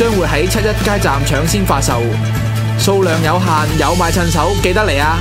將會喺七一街站搶先發售，數量有限，有買趁手，記得嚟啊！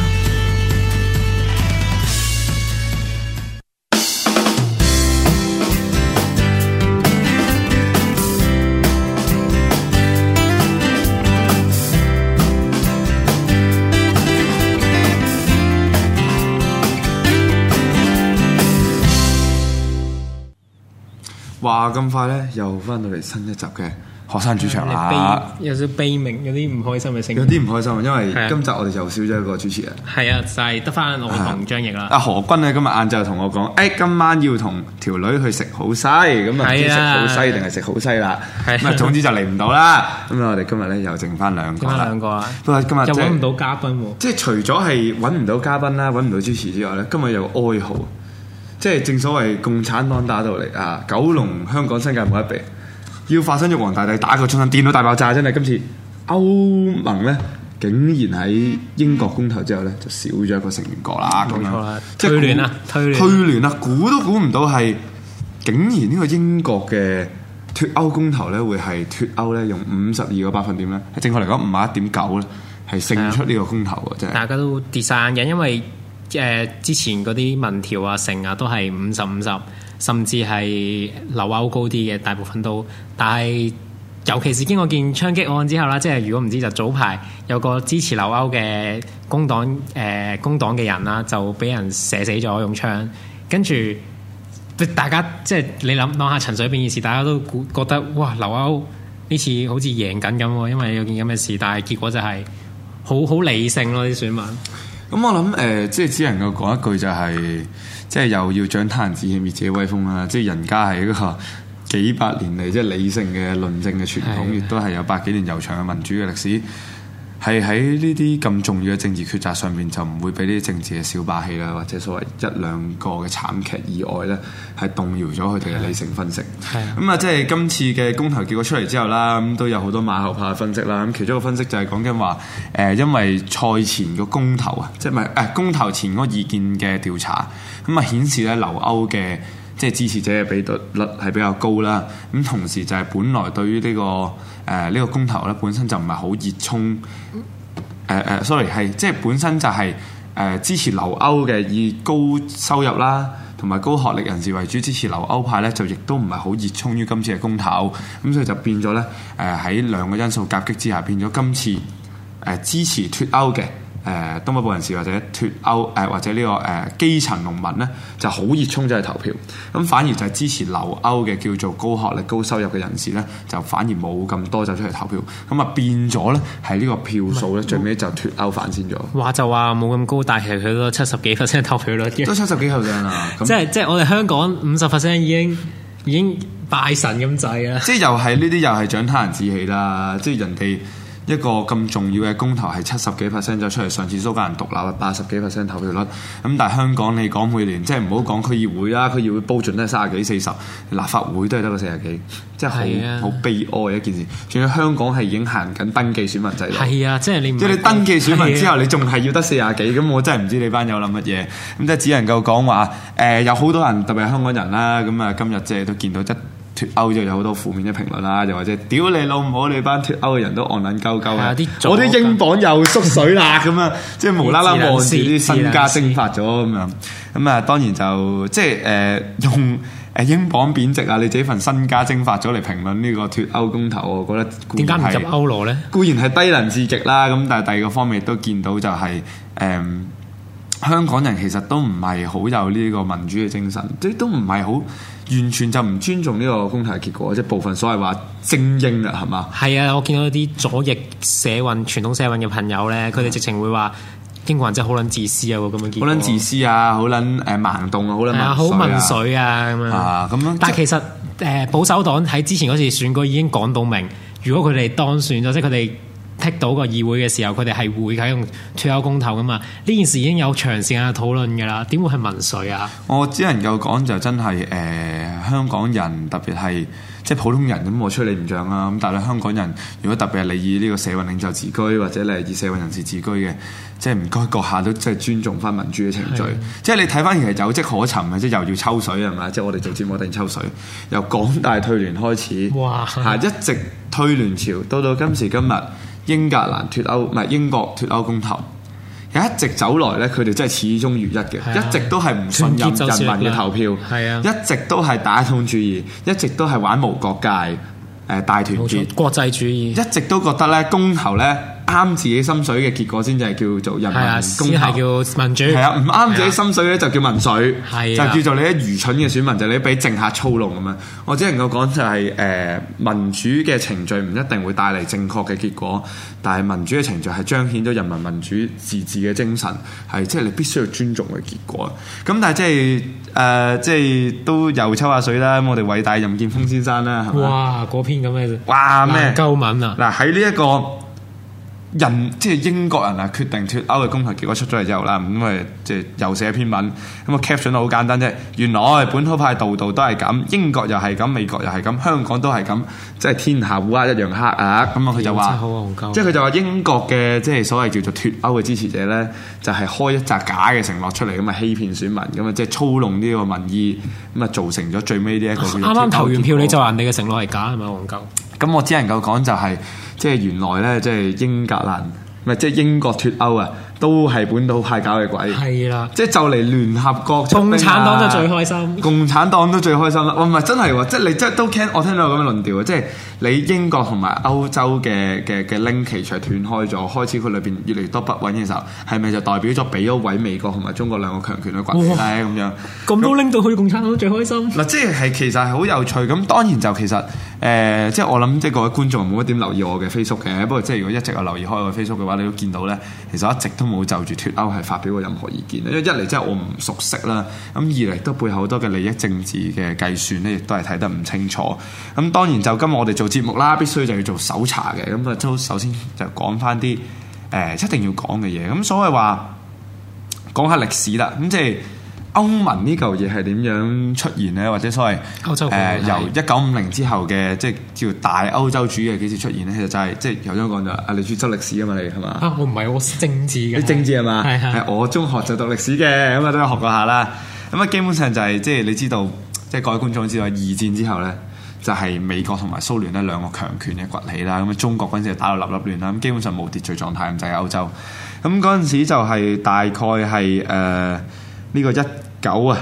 話咁快呢，又翻到嚟新一集嘅。學生主場啦、啊，有少悲鳴，有啲唔開心嘅聲音。有啲唔開心，因為今集我哋又少咗一個主持人。係啊，就係得翻我同張翼啦。阿、啊、何君呢？今日晏晝同我講，誒、欸、今晚要同條女去食好西，咁、嗯、啊，食好西定係食好西啦。咁啊，總之就嚟唔到啦。咁、嗯、啊，我哋今日咧又剩翻兩個啦。剩翻兩個啊！今日就揾唔到嘉賓喎。即係除咗係揾唔到嘉賓啦，揾唔到主持之外咧，今日有哀號。即係正所謂共產黨打到嚟啊，九龍香港新界冇得比。要發生咗玉皇大帝打個槍身，電腦大爆炸，真係今次歐盟咧，竟然喺英國公投之後咧，就少咗一個成員國啦。冇錯啦，退聯啦，退聯退聯啦，估都估唔到係，竟然呢個英國嘅脫歐公投咧，會係脫歐咧，用五十二個百分點咧，正確嚟講五十一點九咧，係勝出呢個公投嘅，即係的大家都跌散嘅，因為誒、呃、之前嗰啲民調啊、成日都係五十五十。甚至係留歐高啲嘅，大部分都，但係尤其是經過件槍擊案之後啦，即係如果唔知就早排有個支持留歐嘅工黨誒、呃、工黨嘅人啦，就俾人射死咗用槍，跟住大家即係你諗諗下，想想陳水扁件事，大家都估覺得哇，留歐呢次好似贏緊咁喎，因為有件咁嘅事，但係結果就係好好理性咯、啊、啲選民。咁、嗯、我諗誒、呃，即係只能夠講一句就係、是。即係又要長他人志氣滅自己威風啦，啊！即係人家係一個幾百年嚟即係理性嘅論證嘅傳統，亦的都係有百幾年悠長嘅民主嘅歷史。係喺呢啲咁重要嘅政治抉擇上面，就唔會俾呢啲政治嘅小霸氣啦，或者所謂一兩個嘅慘劇意外咧，係動搖咗佢哋嘅理性分析。係咁啊，即 係 今次嘅公投結果出嚟之後啦，咁都有好多馬後炮嘅分析啦。咁其中一個分析就係講緊話，誒因為賽前個公投啊，即係咪公投前嗰個意見嘅調查，咁啊顯示咧留歐嘅。即係支持者嘅比率率係比較高啦，咁同時就係本來對於呢、呢個誒呢、呃呢個公投咧，本身就唔係好熱衷，誒誒、嗯呃、sorry，係即係本身就係、係、誒、呃、支持留歐嘅以高收入啦，同埋高學歷人士為主支持留歐派咧，就亦都唔係好熱衷於今次嘅公投，咁、嗯、所以就變咗咧誒喺兩個因素夾擊之下，變咗今次誒、呃、支持脫歐嘅。誒東北部人士或者脫歐誒、呃、或者呢、這個誒、呃、基層農民咧，就好熱衷就去投票。咁反而就係支持留歐嘅叫做高學歷、高收入嘅人士咧，就反而冇咁多就出去投票。咁啊變咗咧，係呢個票數咧是最尾就脫歐反先咗。話就話冇咁高，但係佢都七十幾 percent 投票率都七十幾 p e r c 即係即係我哋香港五十 percent 已經已經拜神咁滯啊！即係又係呢啲又係長他人志氣啦！即係人哋。一個咁重要嘅公投係七十幾 percent 走出嚟，上次蘇格蘭獨立八十幾 percent 投票率，咁但係香港你講每年，嗯、即係唔好講區議會啦，區議會報盡都係三十幾四十，40，立法會都係得個四十幾，真係好好悲哀一件事。仲要香港係已經行緊登記選民制度，係啊，即係你即係你登記選民之後，是啊、你仲係要得四十幾，咁我真係唔知你班有諗乜嘢，咁即係只能夠講話，誒、呃、有好多人特別係香港人啦，咁啊今日即係都見到一。脫歐就有好多負面嘅評論啦，又或者屌你老母，你班脫歐嘅人都按撚鳩鳩嘅，啲英鎊又縮水啦咁啊，即係無啦啦望住啲身家蒸發咗咁樣，咁啊當然就即係誒、呃、用誒英鎊貶值啊，你自己份身家蒸發咗嚟評論呢個脫歐公投，我覺得點解唔入歐羅咧？固然係低能至極啦，咁但係第二個方面都見到就係、是、誒、呃、香港人其實都唔係好有呢個民主嘅精神，即都唔係好。完全就唔尊重呢個公投嘅結果，即係部分所謂話精英啊，係嘛？係啊，我見到啲左翼社運、傳統社運嘅朋友咧，佢哋直情會話英國人真係好撚自私啊，咁樣好撚自私啊，好撚誒盲動啊，好撚。好問水啊咁、啊啊、樣。啊，咁樣。但係其實誒就保守黨喺之前嗰次選舉已經講到明，如果佢哋當選咗，即係佢哋。踢到個議會嘅時候，佢哋係會喺度脫歐公投㗎嘛？呢件事已經有長時間嘅討論㗎啦。點會係民粹啊？我只能夠講就真係誒、呃，香港人特別係即係普通人咁，我出嚟唔像啦。咁但係香港人如果特別係你以呢個社運領袖自居，或者你以社運人士自居嘅，即係唔該閣下都即係尊重翻民主嘅程序。是的 即係你睇翻其實有跡可尋嘅，即係又要抽水係嘛？即係我哋做節目定抽水由港大退聯開始，嚇哇 一直退聯潮到到今時今日。英格蘭脫歐唔係英國脫歐公投，一直走來咧，佢哋真係始終如一嘅，啊、一直都係唔信任人民嘅投票，啊、一直都係打統主義，一直都係玩無國界誒、呃、大團結國際主義，一直都覺得咧公投咧。啱自己心水嘅結果先，至係叫做人民公投，係、啊、叫民主。係啊，唔啱自己心水咧，就叫民粹，啊、就叫做你啲愚蠢嘅選民，嗯、就你俾政客操弄咁樣。我只能夠講就係、是、誒、呃、民主嘅程序唔一定會帶嚟正確嘅結果，但係民主嘅程序係彰顯咗人民民主自治嘅精神，係即係你必須要尊重嘅結果。咁但係即係誒、呃、即係都又抽下水啦，我哋偉大任建峰先生啦，係哇，嗰篇咁嘅哇咩鳩文啊？嗱喺呢一個。人即係英國人啊，決定脫歐嘅公投結果出咗嚟之後啦，咁啊即係又寫一篇文，咁啊 caption 到好簡單啫。原來本土派度度都係咁，英國又係咁，美國又係咁，香港都係咁，即係天下烏鴉一樣黑哪啊！咁啊佢就話，即係佢就話英國嘅即係所謂叫做脫歐嘅支持者呢，就係、是、開一紮假嘅承諾出嚟，咁啊欺騙選民，咁啊即係操弄呢個民意，咁啊造成咗最尾呢一個，一個。啱啱投完票你就話人哋嘅承諾係假係咪戇鳩？咁我只能夠講就係、是，即係原來呢，即係英格蘭，唔係即係英國脱歐啊，都係本土派搞嘅鬼。係啦的，即係就嚟聯合國、啊。共產黨就最開心。共產黨都最開心啦，唔係、啊、真係喎、啊，即係你即係都 can 我聽到有咁嘅論調啊，的即係你英國同埋歐洲嘅嘅嘅 link 其實斷開咗，開始佢裏邊越嚟越多不穩嘅時候，係咪就代表咗俾咗位美國同埋中國兩個強權去掘你咧咁樣？咁都拎到去共產黨最開心。嗱，即係其實係好有趣，咁當然就其實。誒、呃，即係我諗，即係各位觀眾冇乜點留意我嘅 Facebook 嘅。不過，即係如果一直有留意開我嘅 Facebook 嘅話，你都見到咧，其實我一直都冇就住脱歐係發表過任何意見，因為一嚟即係我唔熟悉啦，咁二嚟都背後好多嘅利益政治嘅計算咧，亦都係睇得唔清楚。咁當然就今日我哋做節目啦，必須就要做搜查嘅。咁、嗯、啊，都首先就講翻啲誒，一定要講嘅嘢。咁所謂話講下歷史啦。咁即係。歐盟呢嚿嘢係點樣出現呢？或者所謂誒由一九五零之後嘅即係叫大歐洲主義幾時出現呢？其實就係、是、即係頭先講咗，啊你專出歷史啊嘛，你係嘛？我唔係我政治嘅，你政治係嘛？係 我中學就讀歷史嘅，咁啊都有學過下啦。咁、嗯、啊基本上就係、是、即係你知道，即係各位觀眾知道，二戰之後咧就係、是、美國同埋蘇聯呢兩個強權嘅崛起啦。咁、嗯、中國嗰陣時打到立立亂啦，咁基本上冇秩序狀態，咁就係、是、歐洲。咁嗰陣時就係大概係誒呢個一。九啊，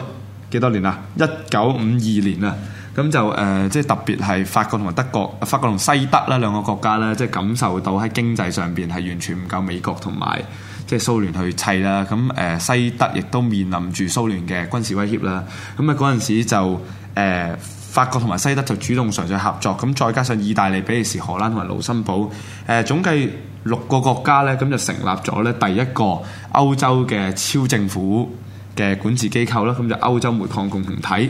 幾多年啦？一九五二年啊，咁就誒，即、呃、係、就是、特別係法國同埋德國，法國同西德啦兩個國家咧，即、就、係、是、感受到喺經濟上邊係完全唔夠美國同埋即係蘇聯去砌啦。咁誒、呃、西德亦都面臨住蘇聯嘅軍事威脅啦。咁啊嗰陣時就誒、呃、法國同埋西德就主動嘗試合作。咁再加上意大利、比利時、荷蘭同埋盧森堡，誒、呃、總計六個國家咧，咁就成立咗咧第一個歐洲嘅超政府嘅管治機構啦，咁就歐洲煤鋼共同體，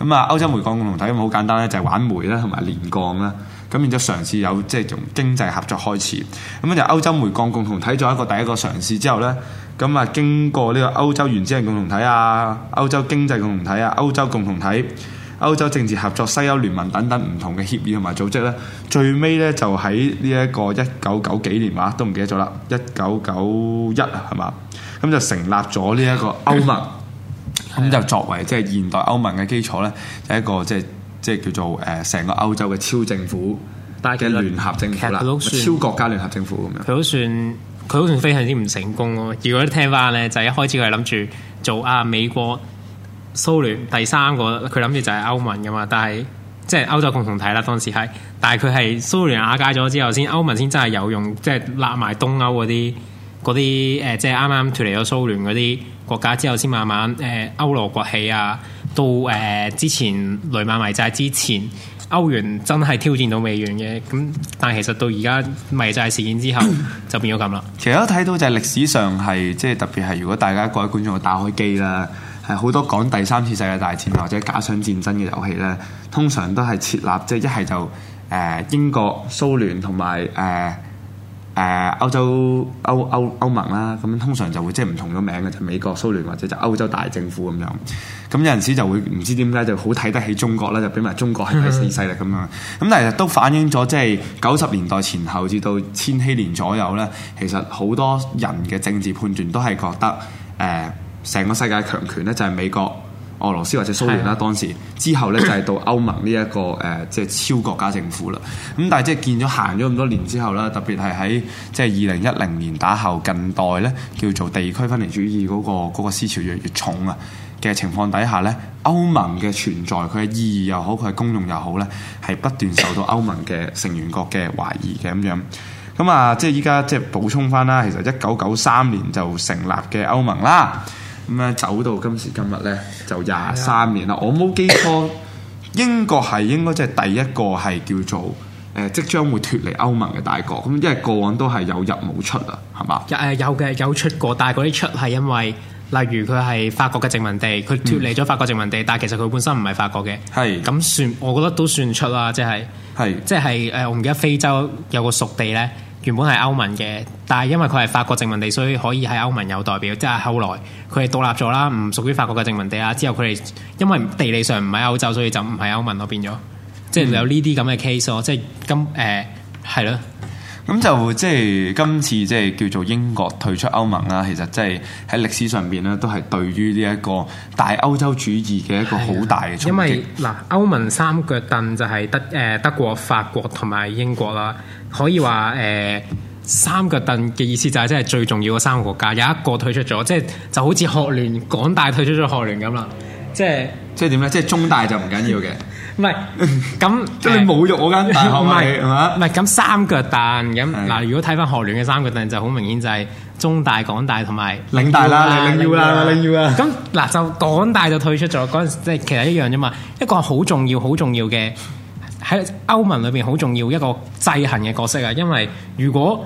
咁啊歐洲煤鋼共同體咁好簡單咧，就係玩煤啦同埋煉鋼啦，咁然之後嘗試有即係從經濟合作開始，咁就歐洲煤鋼共同體做一個第一個嘗試之後咧，咁啊經過呢個歐洲原子能共同體啊、歐洲經濟共同體啊、歐洲共同體、歐洲政治合作西歐聯盟等等唔同嘅協議同埋組織咧，最尾咧就喺呢一個一九九幾年話都唔記得咗啦，一九九一係嘛？咁就成立咗呢一個歐盟，咁是就作為即係現代歐盟嘅基礎咧，就係、一個即係即係叫做誒成、呃、個歐洲嘅超政府，嘅聯合政府啦，超國家聯合政府咁樣。佢都算，佢都算，算，算非常之唔成功咯。如果你聽翻咧，就係、一開始佢諗住做啊美國、蘇聯第三個，佢諗住就係歐盟噶嘛。但係即係歐洲共同體啦，當時係，但係佢係蘇聯瓦解咗之後先，歐盟先真係有用，即係立埋東歐嗰啲。嗰啲誒，即係啱啱脫離咗蘇聯嗰啲國家之後，先慢慢誒、呃、歐羅崛起啊，到誒、呃、之前雷曼迷債之前，歐元真係挑戰到美元嘅。咁但係其實到而家迷債事件之後， 就變咗咁啦。其實都睇到就係歷史上係即係，特別係，如果大家各位觀眾打開機啦，係好多講第三次世界大戰或者假想戰爭嘅遊戲咧，通常都係設立即係一係就誒英國、蘇聯同埋誒。誒歐洲歐歐歐盟啦，咁通常就會即係唔同咗名嘅，就美國、蘇聯或者就歐洲大政府咁樣。咁有陣時就會唔知點解就好睇得起中國啦，就俾埋中國係咪四勢力咁樣？咁但係都反映咗即係九十年代前後至到千禧年左右呢，其實好多人嘅政治判斷都係覺得誒，成個世界強權呢，就係美國、俄羅斯或者蘇聯啦，的當時之後咧就係、是、到歐盟呢、這、一個誒，即係、 呃就是、超國家政府啦。咁但係即係見咗行咗咁多年之後啦，特別係喺即係二零一零年打後近代咧，叫做地區分離主義嗰、那個那個思潮越嚟越重啊嘅情況底下咧，歐盟嘅存在佢嘅意義又好，佢嘅功用又好咧，係不斷受到歐盟嘅成員國嘅懷疑嘅咁樣。咁啊，即係依家即係補充翻啦，其實一九九三年就成立嘅歐盟啦。咁咧走到今時今日咧就廿三年啦，的我冇記錯，英國係應該即係第一個係叫做誒即將會脱離歐盟嘅大國，咁因為過往都係有入冇出啦，係嘛？誒有嘅有出過，但係嗰啲出係因為例如佢係法國嘅殖民地，佢脱離咗法國殖民地，但係其實佢本身唔係法國嘅，係咁的算，我覺得都算出啦，即係，係即係誒，我唔記得非洲有個屬地咧。原本係歐盟嘅，但係因為佢係法國殖民地，所以可以喺歐盟有代表。即係後來佢哋獨立咗啦，唔屬於法國嘅殖民地啦。之後佢哋因為地理上唔喺歐洲，所以就唔係歐盟咯，變咗。即係有呢啲咁嘅 case 咯、嗯。即係今誒係咯。嗯。咁就即係今次即係叫做英國退出歐盟啦、啊，其實即係喺歷史上邊咧，都係對於呢一個大歐洲主義嘅一個好大嘅衝擊、啊。因為嗱，歐盟三腳凳就係德誒、呃、德國、法國同埋英國啦，可以話誒、呃、三腳凳嘅意思就係即係最重要嘅三個國家有一個退出咗，即、就、係、是、就好似學聯港大退出咗學聯咁啦、就是，即係即係點咧？即係中大就唔緊要嘅。唔係，咁即係侮辱我間大學，係嘛是？唔係吧，咁三腳凳咁嗱，的如果睇翻學聯嘅三腳凳，就好明顯就係中大、港大同埋嶺大啦，嶺 U 啦，嶺 U 啦。咁嗱就港大就退出咗嗰陣時，即係其實一樣啫嘛。一個好重要、好重要嘅喺歐盟裏邊好重要一個制衡嘅角色啊。因為如果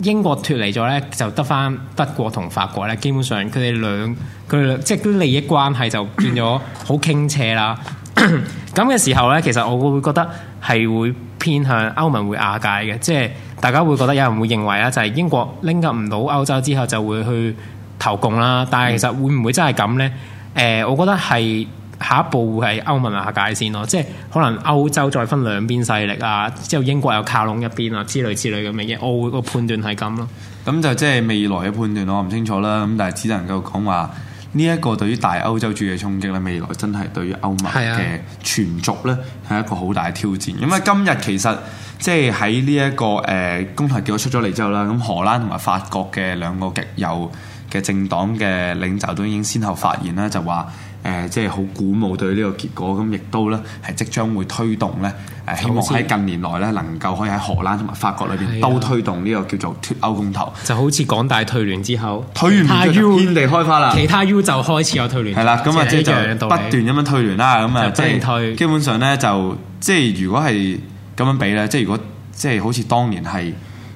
英國脫離咗咧，就得翻德國同法國咧，基本上佢哋兩佢兩即係啲利益關係就變咗好傾斜啦。 咁嘅 時候呢，其實我會覺得係會偏向歐盟會瓦解嘅，即係大家會覺得有人會認為啊，就係、是、英國拎唔到歐洲之後就會去投共啦。但係其實會唔會真係咁呢？誒、呃，我覺得係下一步會係歐盟瓦解先咯。即係可能歐洲再分兩邊勢力啊，之後英國又靠攏一邊啊，之類之類咁嘅嘢。我個判斷係咁咯。咁就即係未來嘅判斷，我唔清楚啦。咁但係只能夠講話。呢一個對於大歐洲主義嘅衝擊咧，未來真係對於歐盟嘅存續咧係一個好大嘅挑戰。啊、因為今日其實即係喺呢一個誒、呃、公投結果出咗嚟之後啦，咁荷蘭同埋法國嘅兩個極右嘅政黨嘅領袖都已經先後發言啦，就話。誒、呃，即係好鼓舞對呢個結果，咁亦都咧係即將會推動咧。誒、呃，希望喺近年來咧能夠可以喺荷蘭同埋法國裏邊都推動呢個叫做脫歐公投，就好似港大退聯之後，退完他 U 遍地開花啦，其他 U 就開始有退聯，係啦，咁啊即就不斷咁樣退聯啦，咁啊即停退，基本上咧就即係如果係咁樣比咧，即係如果即係好似當年係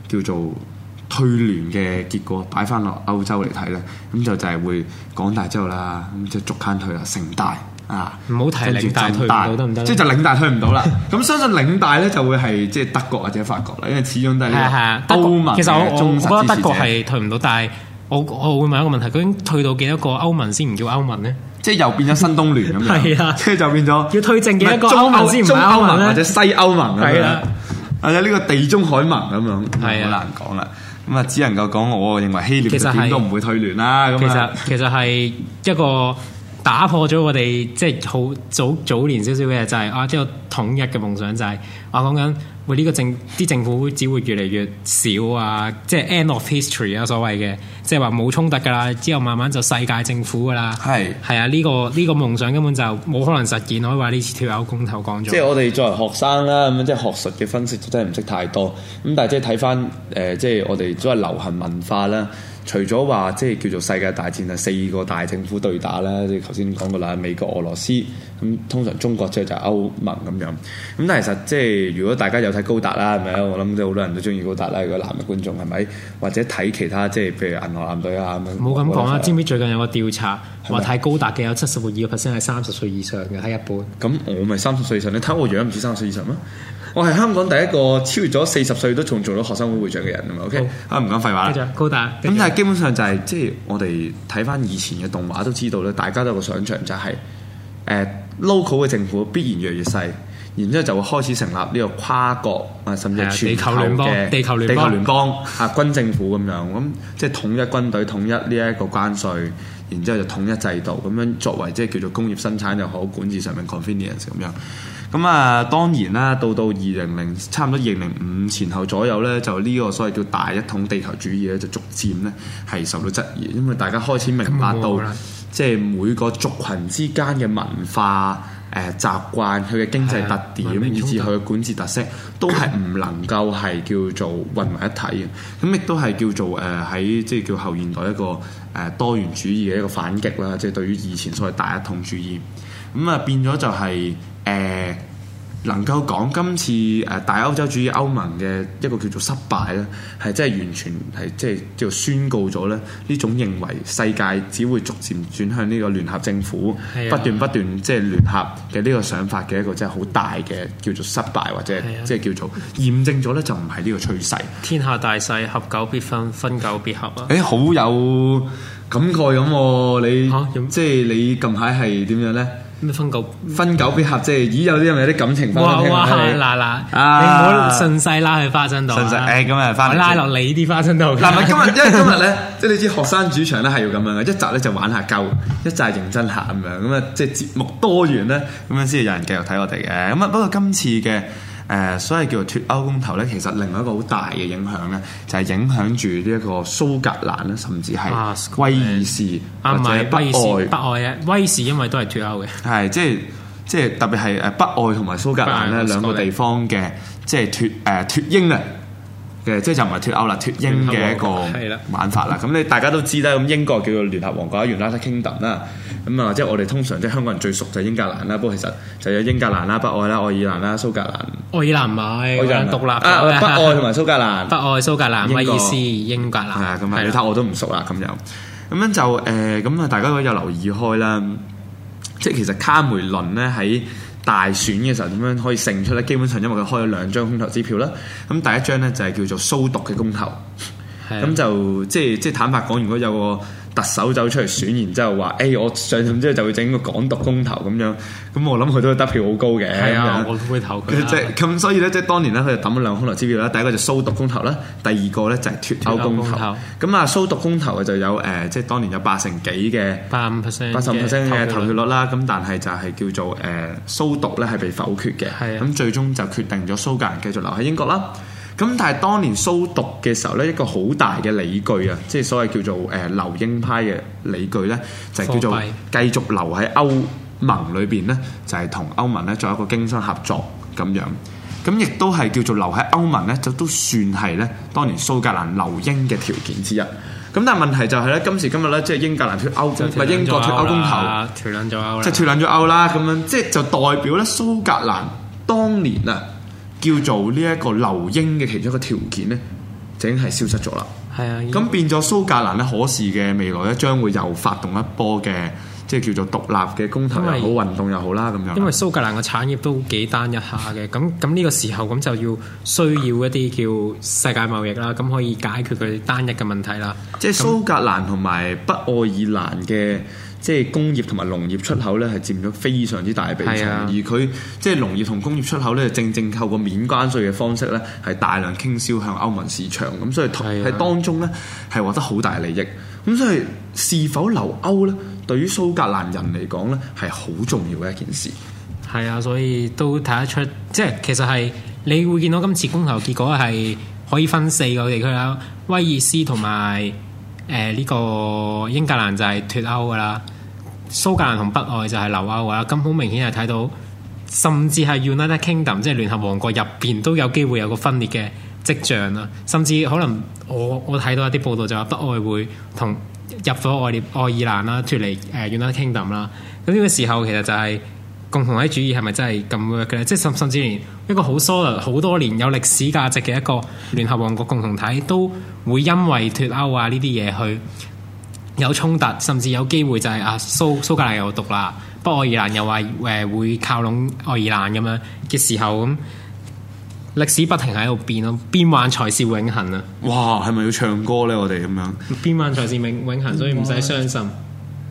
叫做。退聯嘅結果擺翻落歐洲嚟睇咧，咁就就係會港大之後啦，咁就逐間退啦，城大啊，唔好提嶺大，大退唔到行唔行？即係就嶺大退唔到啦。咁 相信嶺大咧就會係即係德國或者法國啦，因為始終都係歐盟。其實我仲我，我覺得德國係退唔到，但係我我會問一個問題：究竟退到幾多個歐盟先唔叫歐盟咧？即係又變咗新東聯咁樣。係啊 的，即係就變咗要退正幾多個歐盟先唔係歐盟或者西歐盟咁樣 的？係啊，係啊 的，呢個地中海盟咁樣。係好 的難講啦。咁啊，只能夠講我認為希臘點都唔會退聯啦。咁樣，其實，其實係一個。打破咗我哋即係好早早年少少嘅就係、是、啊，即、這、係、個、統一嘅夢想，就係我講緊會呢個政啲政府只會越嚟越少啊，即係 end of history 啊所謂嘅，即係話冇衝突噶啦，之後慢慢就世界政府噶啦。係係是啊，呢、這個呢、這個夢想根本就冇可能實現，可以話呢次脫歐、呃、公投講咗。即係我哋作為學生啦，咁樣即係學術嘅分析真係唔識太多，咁但係即係睇翻誒，即係我哋都係流行文化啦。除咗話即係叫做世界大戰啊，四個大政府對打啦。即係頭先講過啦，美國、俄羅斯咁，通常中國即係就歐盟咁樣。咁但係其實即係如果大家有睇高達啦，係咪啊？我諗即係好多人都中意高達啦，如果男嘅觀眾係咪？或者睇其他即係譬如銀河艦隊啊咁樣。唔好咁講啦，知唔知最近有個調查話睇高達嘅有七十二個 percent 係三十歲以上嘅，喺日本。咁我咪三十歲以上，你睇我樣唔似三十歲以上咩？我係香港第一個超越咗四十歲都仲做咗學生會會長嘅人啊嘛，OK？啊好，唔講廢話高達，咁但係基本上就係即係我哋睇翻以前嘅動畫都知道咧，大家都有個想像就係 local 嘅政府必然越嚟越細，然之後就會開始成立呢個跨國啊，甚至全球聯邦、地球聯邦、地球聯邦，地球聯邦啊，軍政府咁樣，咁、嗯、即係統一軍隊、統一呢一個關稅，然之後就統一制度，咁樣作為即係叫做工業生產又好，管治上面 convenience 咁樣。咁啊，當然啦，到到二零零差唔多二零零五前後左右呢，就呢個所謂叫大一統地球主義咧，就逐漸呢係受到質疑，因為大家開始明白到即係每個族群之間嘅文化、誒、呃、習慣、佢嘅經濟特點，以至佢嘅管治特色，都係唔能夠係叫做混為一體嘅。咁亦 都係叫做誒喺、呃、即係叫後現代一個誒多元主義嘅一個反擊啦，即係對於以前所謂大一統主義。咁啊變咗就係、是。 誒能夠講今次誒大歐洲主義歐盟嘅一個叫做失敗咧，係真係完全係即係叫宣告咗咧呢種認為世界只會逐漸轉向呢個聯合政府、啊、不斷不斷即係聯合嘅呢個想法嘅一個真係好大嘅叫做失敗，或者即係叫做驗證咗咧就唔係呢個趨勢。天下大勢合久必分，分久必合啊！誒、欸，好有感慨咁、啊，你、啊、即係你近排係點樣咧？分久分久必合即係，咦有啲係咪啲感情翻翻嚟？哇你唔好順勢拉去花生度、啊。順勢，哎，今日翻嚟，拉落你啲花生度、啊。嗱， 今日，因為今日咧， 即係你知學生主場咧係要咁樣嘅，一集咧就玩下鳩，一集認真下咁樣，咁啊即係節目多元咧，咁樣先有人繼續睇我哋嘅。咁啊，不過今次嘅。誒、呃，所以叫做脫歐公投咧，其實另外一個好大嘅影響咧，就係、是、影響住呢一個蘇格蘭咧，甚至係威爾士、啊、或者北愛北愛咧，威士因為都係脫歐嘅，係即係即係特別係誒北愛同埋蘇格蘭咧愛兩個地方嘅，即係脫誒脫英啊。即係就唔係脫歐啦，脫英嘅一個玩法啦。咁 你大家都知啦。咁英國叫做聯合王國啦 United Kingdom 啦。咁啊，即係我哋通常即係香港人最熟就係英格蘭啦。不過其實就有英格蘭啦、北愛啦、愛爾蘭啦、蘇格蘭。愛爾蘭唔係。愛爾蘭獨立、啊、北愛同埋蘇格蘭。 北愛、蘇格蘭。 國意思，英格蘭。咁啊， 你睇我都唔熟啦。咁又咁樣就誒，咁啊、 呃，大家有留意開啦。即係其實卡梅倫咧喺。大選嘅時候點樣可以勝出咧？基本上因為佢開咗兩張空頭支票啦。咁第一張咧就係、是、叫做蘇獨嘅公投。咁是的 就即係即係坦白講，如果有個特首走出嚟選，然之後話，誒、哎，我上任之後就會整個港獨公投咁樣，咁我諗佢都係得票好高嘅。係樣啊，我都會投佢。即係咁，所以咧，即係當年咧，佢就抌咗兩空頭支票啦。第一個就蘇獨公投啦，第二個咧就係脱歐公投。咁啊，蘇獨公投嘅就有誒、呃，即係當年有八成幾嘅八五 percent 八十 percent 嘅投票率啦。咁但係就係叫做誒蘇獨咧係被否決嘅。係咁的最終就決定咗蘇格蘭繼續留喺英國啦。咁但係當年蘇獨嘅時候咧，一個好大嘅理據啊，即係所謂叫做誒留英派嘅理據咧，就係叫做繼續留喺歐盟裏邊咧，就係同歐盟咧作一個經商合作咁樣。咁亦都係叫做留喺歐盟咧，就都算係咧，當年蘇格蘭留英嘅條件之一。咁但係問題就係咧，今時今日咧，即係英格蘭脫歐，唔係英國脫歐公投，脫咗歐，即係脫撚咗歐啦咁樣，即係就代表咧蘇格蘭當年啊。叫做呢一個留英嘅其中一個條件呢，已經係消失咗啦。係啊，咁變咗蘇格蘭呢，可視嘅未來呢，將會又發動一波嘅，即係叫做獨立嘅公投又好為運動又好啦，咁樣。因為蘇格蘭嘅產業都幾單一下嘅，咁咁呢個時候咁就要需要一啲叫世界貿易啦，咁可以解決佢單一嘅問題啦。即係蘇格蘭同埋北愛爾蘭嘅。嗯即係工業同埋農業出口咧，係佔咗非常之大嘅比重。是啊、而佢即係農業同工業出口咧，正正透過免關稅嘅方式咧，係大量傾銷向歐盟市場。咁所以喺是、啊、當中咧係獲得好大利益。咁所以是否留歐咧，對於蘇格蘭人嚟講咧，係好重要嘅一件事。係啊，所以都睇得出，即係其實係你會見到今次公投結果係可以分四個地區啦，威爾斯同埋。誒呢、呃這個英格蘭就係脱歐㗎啦，蘇格蘭同北愛就係留歐啦，咁、嗯、好明顯係睇到，甚至係 United Kingdom 即係聯合王國入邊都有機會有個分裂嘅跡象啦，甚至可能我我睇到一啲報道就話北愛會同入咗愛、愛爾蘭啦脱離誒、呃、United Kingdom 啦，咁呢個時候其實就係、是。共同體主義係咪真係咁 work 嘅咧？即係甚甚至連一個好 solid 好多年有歷史價值嘅一個聯合王國共同體，都會因為脱歐啊呢啲嘢去有衝突，甚至有機會就係阿、啊、蘇蘇格蘭又獨啦，北愛爾蘭又話誒會靠攏愛爾蘭咁樣嘅時候咁，歷史不停喺度變咯，變幻才是永恆啊！哇，係咪要唱歌咧？我哋咁樣變幻才是永永恆，所以唔使傷心。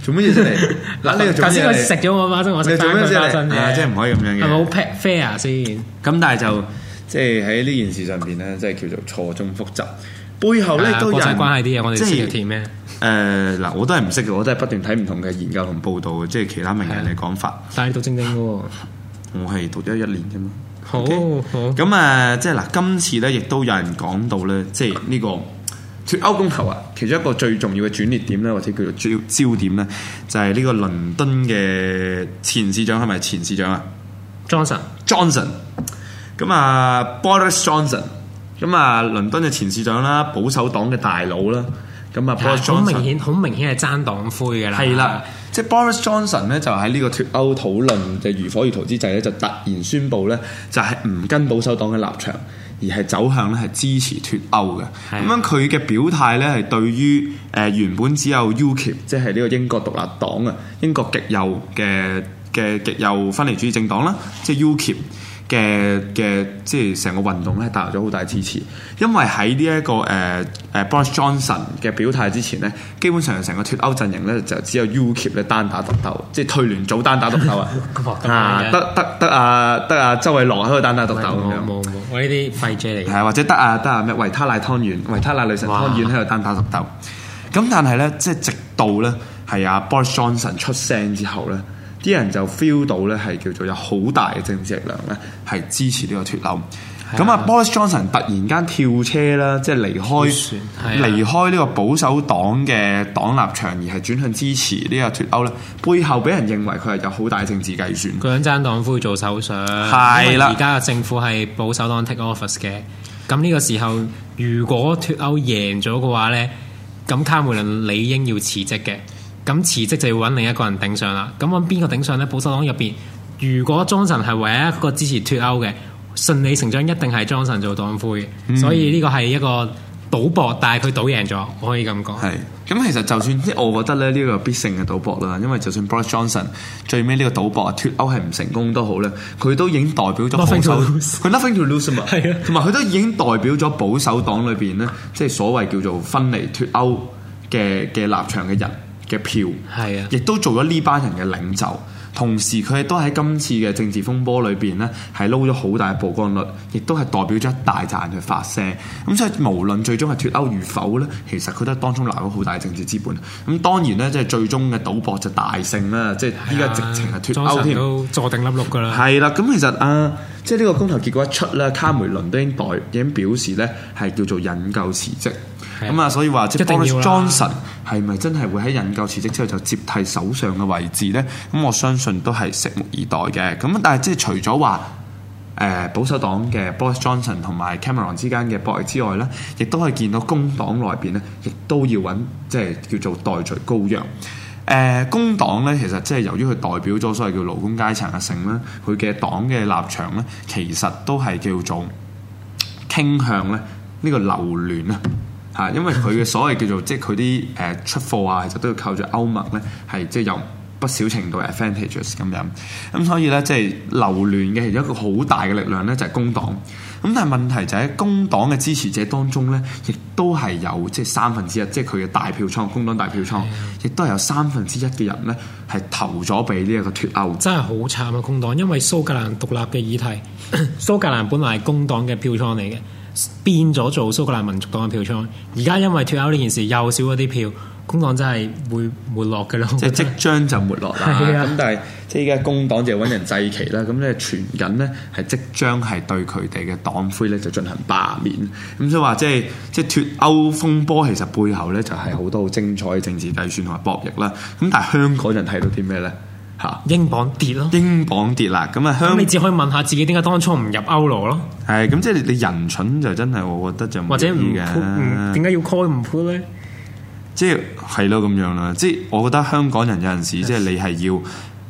做乜嘢先嚟？嗱，你頭先佢食咗我花生，我食翻佢花生啫，即係唔可以咁樣嘅。係咪好 pat fair 先？咁但係就即係喺呢件事上邊咧，即係叫做錯綜複雜，背後咧都有關係啲嘢。我哋試下填咩？誒，嗱，我都係唔識嘅，我都係不斷睇唔同嘅研究同報道，即係其他名人嘅講法。但係讀正經嘅，我係讀咗一年啫嘛。好好。咁誒，即係嗱，今次咧，亦都有人講到咧，即係呢個。脫歐公投啊，其中一個最重要嘅轉捩點咧，或者叫做焦焦點咧，就係、是、呢個倫敦嘅前市長係咪前市長 Johnson. Johnson, 啊？Johnson Johnson，咁啊，Boris Johnson，咁啊，倫敦嘅前市長啦，保守黨嘅大佬啦，咁啊，啊，好明顯，好明顯係爭黨魁嘅啦。係啦的，即係 Boris Johnson 咧，就喺呢個脫歐討論就如火如荼之際咧，就突然宣布咧，就係唔跟保守黨嘅立場。而係走向咧係支持脱歐嘅。咁樣佢嘅表態咧係對於誒、呃、原本只有 UKIP，即係呢個英國獨立黨啊，英國極右嘅嘅極右分離主義政黨啦，即係 UKIP。嘅嘅即係成個運動咧，帶來咗好大支持。因為喺呢一個誒誒 Boris Johnson 嘅表態之前咧，基本上成個脫歐陣營咧就只有 UKIP 咧單打獨鬥，即係退聯組單打獨鬥啊！啊，得得得啊，得啊，周偉羅喺度單打獨鬥咁樣。冇冇我呢啲廢姐嚟。係或者得啊得啊咩？維他奶湯圓，維他奶女神湯圓喺度單打獨鬥。咁但係咧，即係直到咧係啊 Boris Johnson 出聲之後咧。啲人就 feel 到咧，係叫做有好大嘅政治力量咧，係支持呢個脱歐。咁啊，Boris Johnson 突然間跳車啦，即係離開、啊、離開呢個保守黨嘅黨立場，而係轉向支持呢個脱歐咧。背後俾人認為佢係有好大政治計算。佢想爭黨魁做首相，啊，因為而家嘅政府係保守黨 take office 嘅。咁呢個時候，如果脱歐贏咗嘅話咧，咁卡梅倫理應要辭職嘅。咁辭職就要揾另一個人頂上啦。咁揾邊個頂上咧？保守黨入邊，如果莊臣係唯一一個支持脱歐嘅，順理成章一定係莊臣做黨魁。嗯、所以呢個係一個賭博，但係佢賭贏咗，我可以咁講。係。咁其實就算即我覺得咧，呢、呢個必勝嘅賭博啦，因為就算 Boris Johnson 最尾呢個賭博脱歐係唔成功都好咧，佢都已經代表咗保守，佢 nothing to lose 嘛。係啊。同埋佢都已經代表咗保守黨裏邊咧，即、就、係、係、所謂叫做分離脱歐嘅嘅立場嘅人。嘅票係啊，亦都做咗呢班人嘅領袖，同時佢哋都喺今次嘅政治風波裏邊咧，係攞咗好大嘅曝光率，亦都係代表咗一大扎人去發聲。咁所以無論最終係脱歐與否呢，其實佢都當中攞咗好大嘅政治資本。咁當然呢，即係最終嘅賭博就大勝啦。即係依家直情係脱歐添，啊、坐定粒六㗎喇。係啦、啊，咁其實啊、呃，即係呢個公投結果一出咧，卡梅倫都已經代已經表示呢，係叫做引咎辭職。咁啊，嗯嗯、所以話，即係 Boris Johnson 係咪了真係會喺引咎辭職之後就接替首相嘅位置咧？咁我相信都係拭目以待嘅。咁但係即係除咗話誒保守黨嘅 Boris Johnson 同埋 Cameron 之間嘅博弈之外咧，亦都可以見到工黨內邊咧，亦都要揾即係叫做代罪羔羊。誒、呃、工黨咧，其實即係由於佢代表咗所謂叫勞工階層嘅性啦，佢嘅黨嘅立場咧，其實都係叫做傾向咧呢、這個留歐啊。嚇，因為佢嘅所謂叫做，即係佢啲誒出貨啊，其實都要靠住歐盟咧，係即係有不少程度 advantages 咁樣。咁、嗯、所以咧，即、就、係、是、留聯嘅有一個好大嘅力量咧，就係工黨。咁但係問題就喺工黨嘅支持者當中咧，亦都係有即係三分之一，即係佢嘅大票倉工黨大票倉，亦是的 都係有三分之一嘅人咧係投咗俾呢一個脱歐。真係好慘啊！工黨，因為蘇格蘭獨立嘅議題， 蘇格蘭本來係工黨嘅票倉嚟嘅。變咗做蘇格蘭民族黨嘅票倉，而家因為脱歐呢件事又少咗啲票，工黨真係會沒落嘅咯。即係即將就沒落啦。咁是、啊、但係即係而家工黨就揾人祭旗啦。咁咧 傳緊咧係即將係對佢哋嘅黨魁咧就進行罷免。咁所以話即係即係脱歐風波其實背後咧就係好多好精彩嘅政治計算同埋博弈啦。咁但係香港人睇到啲咩咧？英鎊跌咯，英鎊跌啦，咁、嗯、啊，你只可以問下自己點解當初唔入歐羅咯？係，咁即係你，你人蠢就真係，我覺得就唔好或者唔鋪，點解、啊、要開唔鋪咧？即係係咯，咁樣啦。即係我覺得香港人有陣時，即係你係要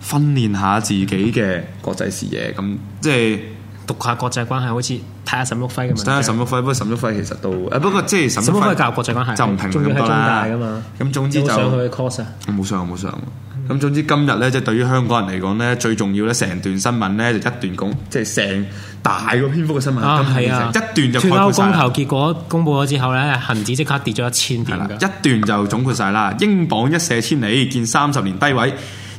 訓練下自己嘅國際視野。咁、嗯、即係讀下國際關係，好似睇下沈旭輝咁。睇下沈旭輝不過沈旭輝其實都、啊、不過即係沈旭輝教國際關係就唔停㗎嘛。咁、嗯、總之就冇上，冇上、啊。咁總之今日咧，即、就、係、是、對於香港人嚟講咧，最重要咧，成段新聞咧，就一段講，即係成大個篇幅嘅新聞。咁係啊，啊一段就。全球公投結果公佈咗之後咧，恒指即刻跌咗一千點，一段就總括晒啦，英鎊一瀉千里，見三十年低位。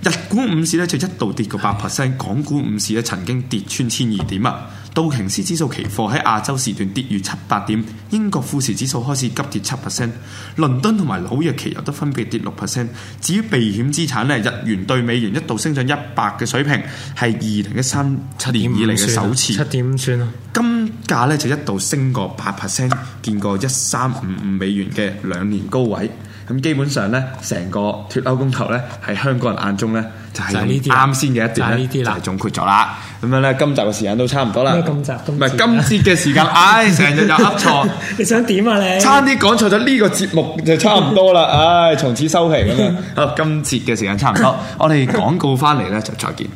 日股五市咧就一度跌過八 percent，港股五市咧曾經跌穿千二點啊，道瓊斯指數期貨喺亞洲時段跌逾七八點，英國富時指數開始急跌七 percent，倫敦同埋紐約期油都分別跌六 percent。至於避險資產咧，日元對美元一度升上一百嘅水平，係二零一三七年以嚟嘅首次。七點五算啦。算金價咧就一度升過八 percent，見過一三五五美元嘅兩年高位。咁基本上咧，成個脫歐公投咧，喺香港人眼中咧，就係、是、啱先嘅一段呢就，就總括咗啦。咁樣咧，今集嘅時間都差唔多啦，啊。今集唔係今節嘅時間，唉， 哎，成日就噏錯， 你想點啊你？差啲講錯咗呢、呢個節目就差唔多啦。唉， 哎，從此收皮咁樣。 好，今節嘅時間差唔多， 我哋廣告翻嚟咧就再見。